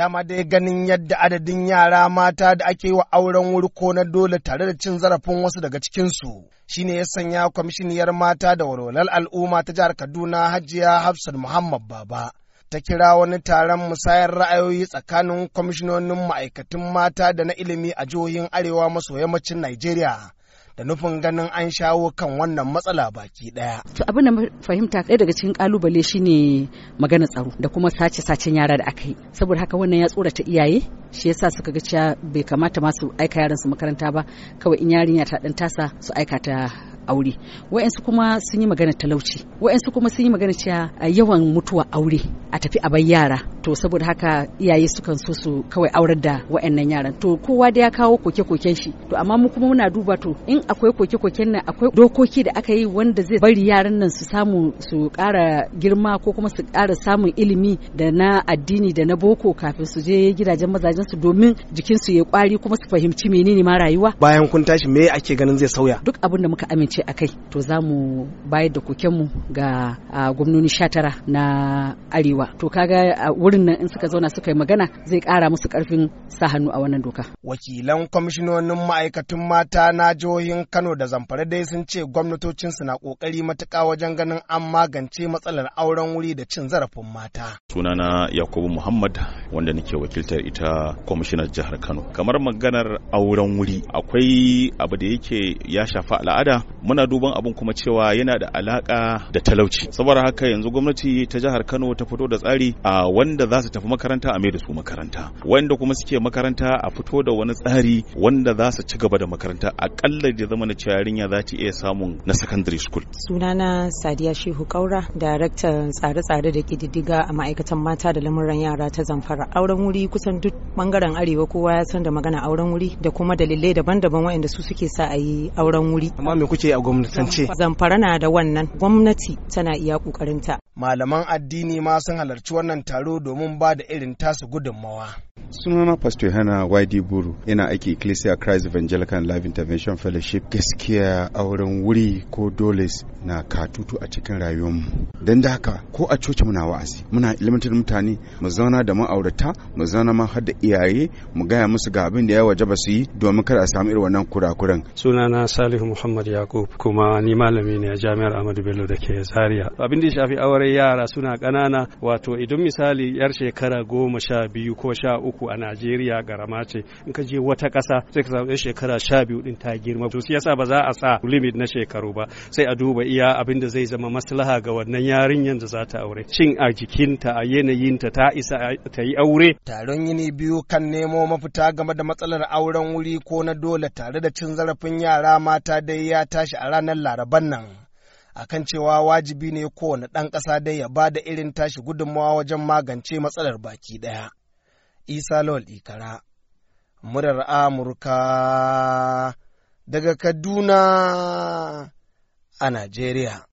dama dai ganin yadda adadin yara mata da ake wa auren wuri ko na dole tare da cin zarafin wasu daga cikinsu shi ne ya sanya kwamishiniyar mata da walwalar al'umma ta jihar kaduna hajiya hafsat muhammad baba ta kira wani taron musayar ra'ayoyi tsakanin kwamishinonin ma'aikatan mata da na ilimi a jihohin arewa maso yammacin najeriya da nufin ganin an shawo kan wannan matsala baki daya. To abin da fahimta ɗaya daga cikin kalubale shine magana tsaro da kuma sace sacen yara da aka yi. Saboda haka wannan ya tsorata iyaye shi yasa suka ga cewa bai kamata masu aika yaran su makaranta ba kawai in yarinya ta dan tasa su aika ta aure wa'yansu kuma sun yi magana talauci wa'yansu kuma sun yi magana cewa yawan mutuwa aure a tafi a bar yara to saboda haka iyaye sukan so su kawai aurar da wa'annan yaran to kowa da ya kawo koke-koken shi to amma mu kuma muna duba to in akwai koke-koken nan akwai dokoki da aka yi wanda zai bari yaran nan su samu su ƙara girma ko kuma su kara samun ilimi da na addini da na boko kafin su je gidajen mazajen su domin jikin su ya kwari kuma su fahimci menene ma rayuwa bayan kun tashi me ake ganin zai sauya duk abin da muka amince akai to za mu bayar da kokenmu ga ah, gwamnoni 19 na arewa to kaga ah, wurin nan in suka zauna suka yi magana zai ƙara musu ƙarfin sa hannu a wannan doka. Wakilan kwamishinonin ma'aikatan mata na jihohin Kano da Zamfara dai sun ce gwamnatocin su na ƙoƙari matuƙa wajen ganin an magance matsalar auren wuri da cin zarafin mata. Sunana Yakubu Muhammad wanda nake wakiltar ita kwamishinar jihar Kano kamar maganar auren wuri akwai abu da yake ya shafa al'ada muna duban abun kuma cewa yana da alaka da talauci saboda haka yanzu gwamnati ta jihar Kano ta fito da tsari a wanda za su tafi makaranta a mai da su makaranta wanda kuma suke makaranta a fito da wani tsari wanda za su ci gaba da makaranta akalla da zama na cewa yarinya za ta iya samun na secondary school sunana Sadiya Shehu Kaura director tsare-tsare da kididdiga a ma'aikatan mata da lamuran yara ta Zamfara haka auren wuri kusan duk bangaren arewa kowa ya san da magana auren wuri da kuma dalilai daban-daban waɗanda su suke sa a yi auren wuri amma me kuke a gwamnatance zamfara na da wannan gwamnati tana iya ta. malaman addini ma sun halarci wannan taro domin ba da irin tasu gudunmawa sunana pastor hana wadi buru ina aiki ecclesia christ evangelical life intervention fellowship gaskiya auren wuri ko doles na katutu a cikin rayuwarmu don da haka ko a coci muna wa'azi muna ilmantar mutane mu zauna da ma'aurata mu zauna ma har da iyaye mu gaya musu ga abin da ya waje ba su yi domin kada a samu irin wannan kurakuran sunana salihu muhammad yakub kuma ni malami ne a jami'ar ahmadu bello da ke zaria abin da ya shafi auren yara suna ƙanana wato idan misali yar shekara goma sha biyu ko sha uku a najeriya garama ce in ka je wata ƙasa sai ka samu shekara sha biyu din ta girma to yasa ba za a sa limit na shekaru ba sai a duba iya abin da zai zama maslaha ga wannan yarinyar da za ta aure Cin a jikinta a yanayinta ta isa ta yi aure taron yini biyu kan nemo mafita game da matsalar auren wuri ko na dole tare da cin zarafin yara mata dai ya tashi a ranar laraban nan akan cewa wajibi ne kowane ɗan ƙasa dai ya ba da irin tashi gudunmawa wajen magance matsalar baki ɗaya. Isa Lawal Ikara, murar Amurka daga Kaduna a Najeriya.